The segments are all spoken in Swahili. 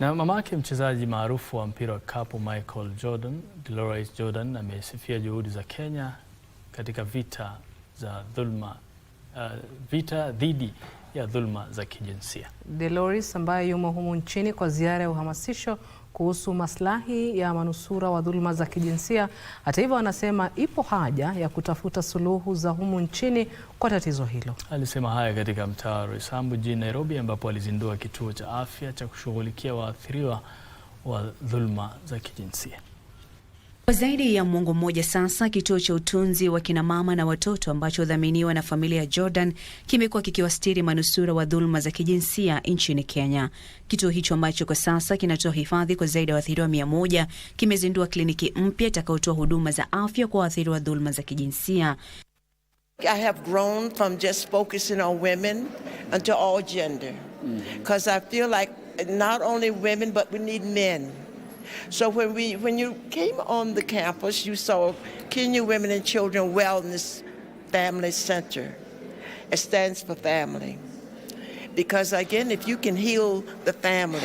Na mamake mchezaji maarufu wa mpira wa kikapu Michael Jordan, Dolores Jordan amesifia juhudi za Kenya katika vita za dhulma, uh, vita dhidi ya dhulma za kijinsia. Dolores ambaye yumo humu nchini kwa ziara ya uhamasisho kuhusu maslahi ya manusura wa dhuluma za kijinsia. Hata hivyo, anasema ipo haja ya kutafuta suluhu za humu nchini kwa tatizo hilo. Alisema haya katika mtaa wa Roysambu jijini Nairobi, ambapo alizindua kituo cha afya cha kushughulikia waathiriwa wa dhuluma za kijinsia. Kwa zaidi ya mwongo mmoja sasa, kituo cha utunzi wa kinamama na watoto ambacho hudhaminiwa na familia ya Jordan kimekuwa kikiwastiri manusura wa dhuluma za kijinsia nchini Kenya. Kituo hicho ambacho kwa sasa kinatoa hifadhi kwa zaidi ya waathiriwa mia moja kimezindua kliniki mpya itakayotoa huduma za afya kwa waathiriwa wa dhuluma za kijinsia. I have grown from just focusing on women into all gender. Because mm. I feel like not only women but we need men. So when we when you came on the campus, you saw Kenya Women and Children Wellness Family Center. It stands for family. Because again, if you can heal the family,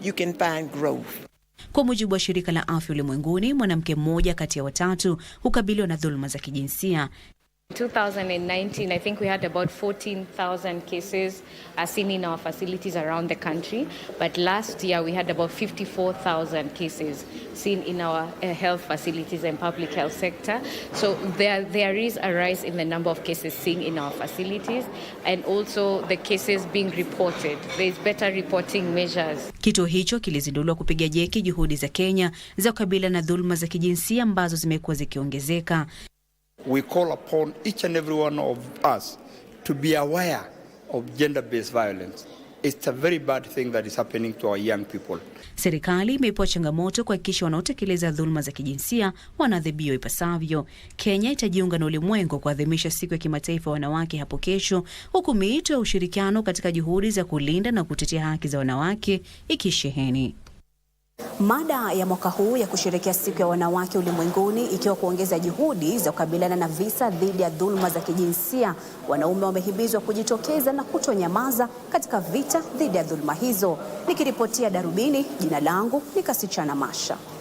you can find growth. Kwa mujibu wa shirika la afya ulimwenguni, mwanamke mmoja kati ya watatu hukabiliwa na dhuluma za kijinsia. 2019, I think we had about 14,000 cases as uh, seen in our facilities around the country. But last year, we had about 54,000 cases seen in our uh, health facilities and public health sector. So there, there is a rise in the number of cases seen in our facilities and also the cases being reported. There is better reporting measures. Kituo hicho kilizinduliwa kupiga jeki juhudi za Kenya za kukabiliana na dhuluma za kijinsia ambazo zimekuwa zikiongezeka we call upon each and every one of us to be aware of gender-based violence. It's a very bad thing that is happening to our young people. Serikali imepewa changamoto kuhakikisha wanaotekeleza dhuluma za kijinsia wanaadhibiwa ipasavyo. Kenya itajiunga na ulimwengu kuadhimisha siku ya kimataifa ya wanawake hapo kesho, huku miito ya ushirikiano katika juhudi za kulinda na kutetea haki za wanawake ikisheheni. Mada ya mwaka huu ya kusherehekea siku ya wanawake ulimwenguni ikiwa kuongeza juhudi za kukabiliana na visa dhidi ya dhuluma za kijinsia. Wanaume wamehimizwa kujitokeza na kutonyamaza katika vita dhidi ya dhuluma hizo. Nikiripotia Darubini, jina langu ni Kasichana Masha.